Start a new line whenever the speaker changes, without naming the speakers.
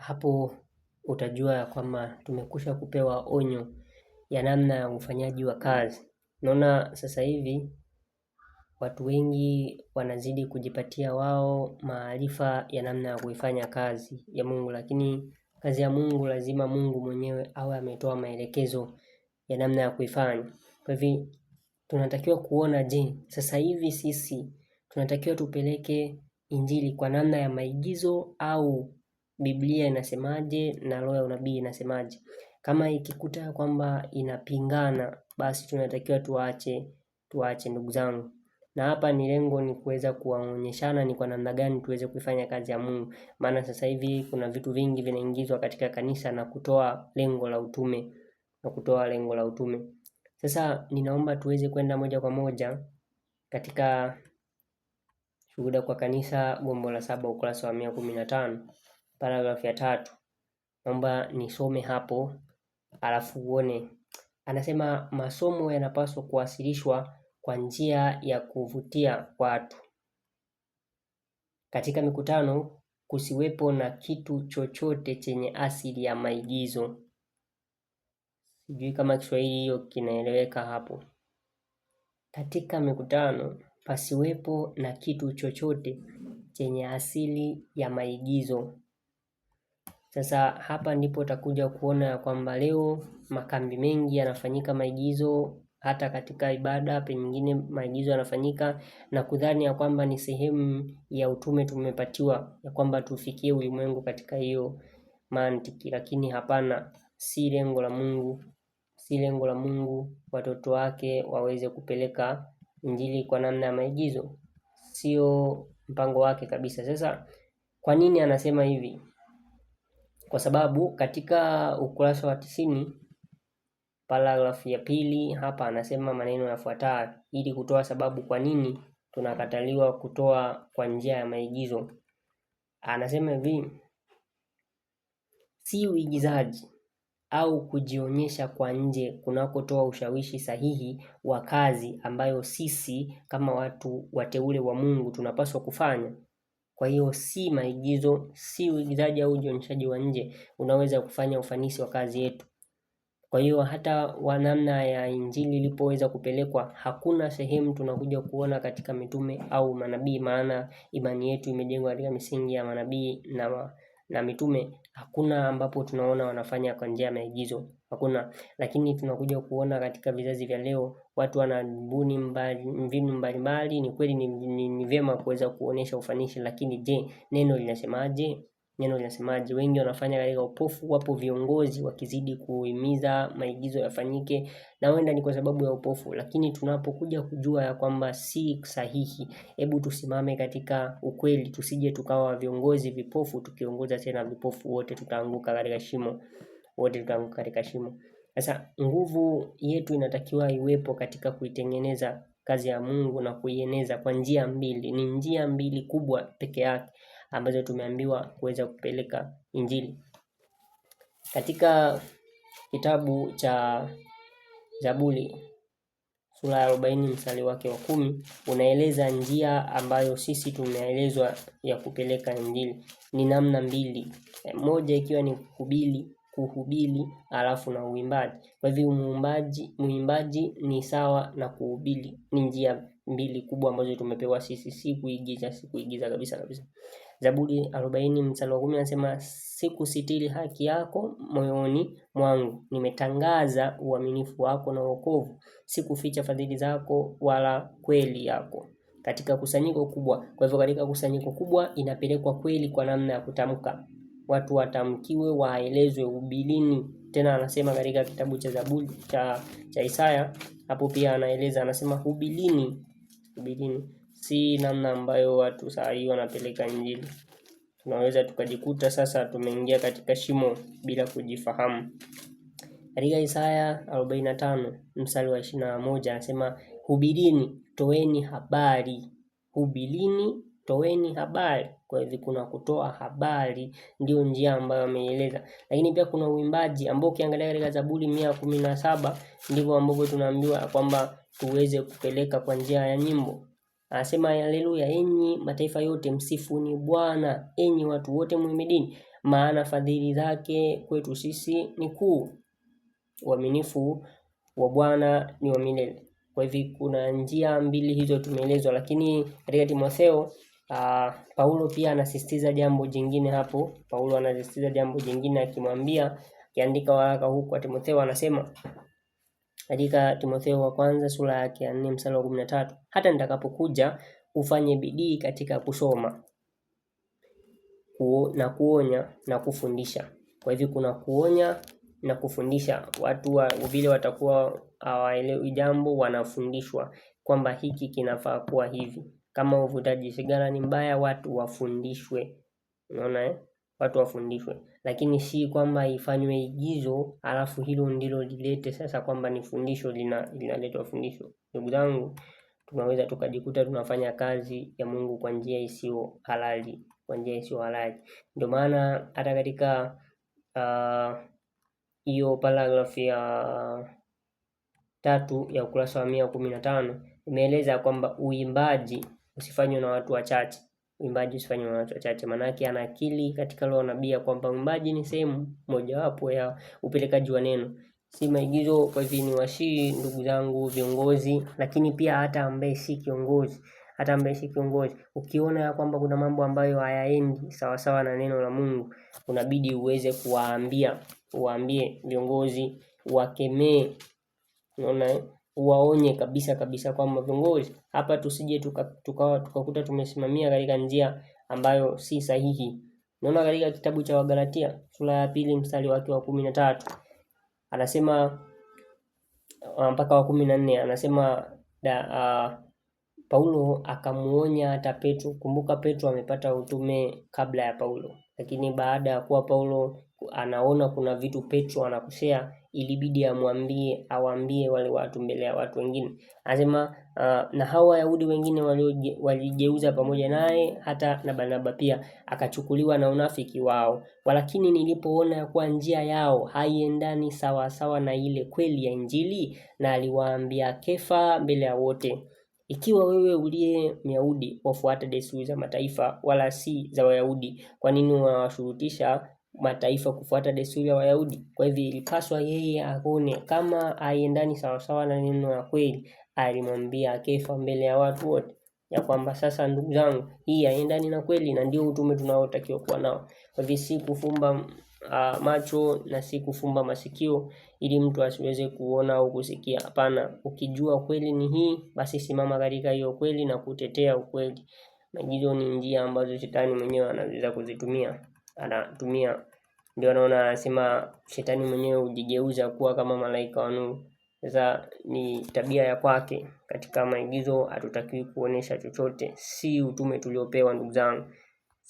hapo utajua ya kwamba tumekusha kupewa onyo ya namna ya ufanyaji wa kazi. Naona sasa hivi watu wengi wanazidi kujipatia wao maarifa ya namna ya kuifanya kazi ya Mungu, lakini kazi ya Mungu lazima Mungu mwenyewe awe ametoa maelekezo ya namna ya kuifanya. Kwa hivyo tunatakiwa kuona, je, sasa hivi sisi tunatakiwa tupeleke injili kwa namna ya maigizo au Biblia inasemaje na roho ya unabii inasemaje. Kama ikikuta kwamba inapingana, basi tunatakiwa tuache, tuache ndugu zangu. Na hapa ni lengo ni kuweza kuwaonyeshana ni kwa namna gani tuweze kuifanya kazi ya Mungu, maana sasa hivi kuna vitu vingi vinaingizwa katika kanisa na kutoa lengo la utume na kutoa lengo la utume. Sasa ninaomba tuweze kwenda moja kwa moja katika Shuhuda kwa Kanisa, gombo la saba, ukurasa wa mia kumi na tano paragrafu ya tatu, naomba nisome hapo alafu uone. Anasema masomo yanapaswa kuwasilishwa kwa njia ya kuvutia watu. Katika mikutano kusiwepo na kitu chochote chenye asili ya maigizo. Sijui kama Kiswahili hiyo kinaeleweka hapo. Katika mikutano pasiwepo na kitu chochote chenye asili ya maigizo. Sasa hapa ndipo utakuja kuona ya kwamba leo makambi mengi yanafanyika maigizo, hata katika ibada pengine maigizo yanafanyika, na kudhani ya kwamba ni sehemu ya utume tumepatiwa ya kwamba tufikie ulimwengu katika hiyo mantiki, lakini hapana, si lengo la Mungu, si lengo la Mungu watoto wake waweze kupeleka injili kwa namna ya maigizo, sio mpango wake kabisa. Sasa kwa nini anasema hivi? kwa sababu katika ukurasa wa tisini paragrafu ya pili hapa anasema maneno yafuatayo ili kutoa sababu kwa nini tunakataliwa kutoa kwa njia ya maigizo. Anasema hivi, si uigizaji au kujionyesha kwa nje kunakotoa ushawishi sahihi wa kazi ambayo sisi kama watu wateule wa Mungu tunapaswa kufanya. Kwa hiyo si maigizo, si uigizaji au ujionyeshaji wa nje unaweza kufanya ufanisi wa kazi yetu. Kwa hiyo hata wanamna ya Injili ilipoweza kupelekwa, hakuna sehemu tunakuja kuona katika mitume au manabii, maana imani yetu imejengwa katika misingi ya manabii na, na mitume. Hakuna ambapo tunaona wanafanya kwa njia ya maigizo hakuna. Lakini tunakuja kuona katika vizazi vya leo watu wanabuni mbinu mbalimbali. Ni kweli ni vyema kuweza kuonesha ufanisi, lakini je, neno linasemaje? Neno linasemaje? Wengi wanafanya katika upofu. Wapo viongozi wakizidi kuhimiza maigizo yafanyike, na huenda ni kwa sababu ya upofu, lakini tunapokuja kujua ya kwamba si sahihi, hebu tusimame katika ukweli, tusije tukawa viongozi vipofu. Tukiongoza tena vipofu, wote tutaanguka katika shimo wote tutaanguka katika shimo. Sasa nguvu yetu inatakiwa iwepo katika kuitengeneza kazi ya Mungu na kuieneza kwa njia mbili. Ni njia mbili kubwa peke yake ambazo tumeambiwa kuweza kupeleka Injili. Katika kitabu cha Zaburi sura ya arobaini mstari wake wa kumi unaeleza njia ambayo sisi tumeelezwa ya kupeleka Injili. Ni namna mbili, moja ikiwa ni kuhubiri kuhubiri alafu na uimbaji. Kwa hivyo muimbaji, muimbaji ni sawa na kuhubiri, ni njia mbili kubwa ambazo tumepewa sisi, si kuigiza, si kuigiza kabisa kabisa. Zaburi 40 mstari wa 10 anasema sikusitiri haki yako moyoni mwangu, nimetangaza uaminifu wako na wokovu, sikuficha fadhili zako wala kweli yako katika kusanyiko kubwa. Kwa hivyo katika kusanyiko kubwa inapelekwa kweli kwa namna ya kutamka watu watamkiwe, waelezwe, ubilini. Tena anasema katika kitabu cha Zaburi cha, cha Isaya hapo pia anaeleza, anasema hubilini. Hubilini si namna ambayo watu saa hii wanapeleka Injili. Tunaweza tukajikuta sasa tumeingia katika shimo bila kujifahamu. Katika Isaya 45 mstari wa 21 anasema hubilini, toeni habari, hubilini toweni habari. Kwa hivyo kuna kutoa habari, ndio njia ambayo ameeleza, Lakini pia kuna uimbaji ambao ukiangalia katika Zaburi mia kumi na saba ndivyo ambavyo tunaambiwa kwamba tuweze kupeleka kwa njia ya nyimbo. Anasema haleluya, enyi mataifa yote msifuni Bwana, enyi watu wote muhimidini, maana fadhili zake kwetu sisi ni kuu, uaminifu wa Bwana ni wa milele. Kwa hivyo kuna njia mbili hizo tumeelezwa, lakini katika Timotheo Uh, Paulo pia anasisitiza jambo jingine hapo. Paulo anasisitiza jambo jingine akimwambia, akiandika waraka huu kwa Timotheo anasema katika Timotheo wa kwanza sura yake ya 4 mstari wa 13, hata nitakapokuja ufanye bidii katika kusoma kuo, na kuonya na kufundisha. Kwa hivyo kuna kuonya na kufundisha watu wa, vile watakuwa hawaelewi jambo wanafundishwa kwamba hiki kinafaa kuwa hivi kama uvutaji sigara ni mbaya, watu wafundishwe. Unaona eh? Watu wafundishwe, lakini si kwamba ifanywe igizo alafu hilo ndilo lilete sasa kwamba ni fundisho lina linaletwa fundisho. Ndugu zangu, tunaweza tukajikuta tunafanya kazi ya Mungu kwa njia isiyo halali, kwa njia isiyo halali. Ndio maana hata katika ah, hiyo uh, paragraph ya tatu ya ukurasa wa mia kumi na tano imeeleza kwamba uimbaji usifanywe na watu wachache. Uimbaji usifanywe na watu wachache, maanake ana akili katika lugha nabii kwamba uimbaji ni sehemu mojawapo ya upelekaji wa neno si maigizo. Kwa hivyo ni washii, ndugu zangu viongozi, lakini pia hata ambaye si kiongozi, hata ambaye si kiongozi, ukiona ya kwamba kuna mambo ambayo hayaendi sawasawa na neno la Mungu, unabidi uweze kuwaambia, uwaambie viongozi, wakemee. Unaona uwaonye kabisa kabisa kwamba viongozi, hapa tusije tukakuta tuka, tuka, tuka tumesimamia katika njia ambayo si sahihi. Naona katika kitabu cha Wagalatia sura ya pili mstari wake wa kumi na tatu anasema ah, mpaka wa kumi na nne anasema da, uh, Paulo akamuonya hata Petro. Kumbuka Petro amepata utume kabla ya Paulo lakini baada ya kuwa Paulo anaona kuna vitu Petro anakosea, ilibidi amwambie awaambie wale watu mbele ya watu wengine. Anasema uh, na hao Wayahudi wengine walijeuza pamoja naye, hata na Barnaba pia akachukuliwa na unafiki wao. Walakini nilipoona ya kuwa njia yao haiendani sawa sawa na ile kweli ya Injili, na aliwaambia Kefa mbele ya wote. Ikiwa wewe uliye Myahudi wafuata desturi za mataifa wala si za Wayahudi, kwa nini unawashurutisha mataifa kufuata desturi ya Wayahudi? Kwa hivyo ilipaswa yeye aone kama aiendani sawasawa na neno la kweli. Alimwambia Kefa mbele ya watu wote ya kwamba sasa, ndugu zangu, hii haiendani na kweli, na ndio utume tunaotakiwa kuwa nao. Kwa hivyo si kufumba uh, macho na si kufumba masikio ili mtu asiweze kuona au kusikia. Hapana, ukijua kweli ni hii, basi simama katika hiyo kweli na kutetea ukweli. Maigizo ni njia ambazo shetani mwenyewe anaweza kuzitumia, anatumia. Ndio anaona anasema shetani mwenyewe hujigeuza kuwa kama malaika wa nuru. Sasa ni tabia ya kwake. Katika maigizo hatutakiwi kuonesha chochote, si utume tuliopewa, ndugu zangu.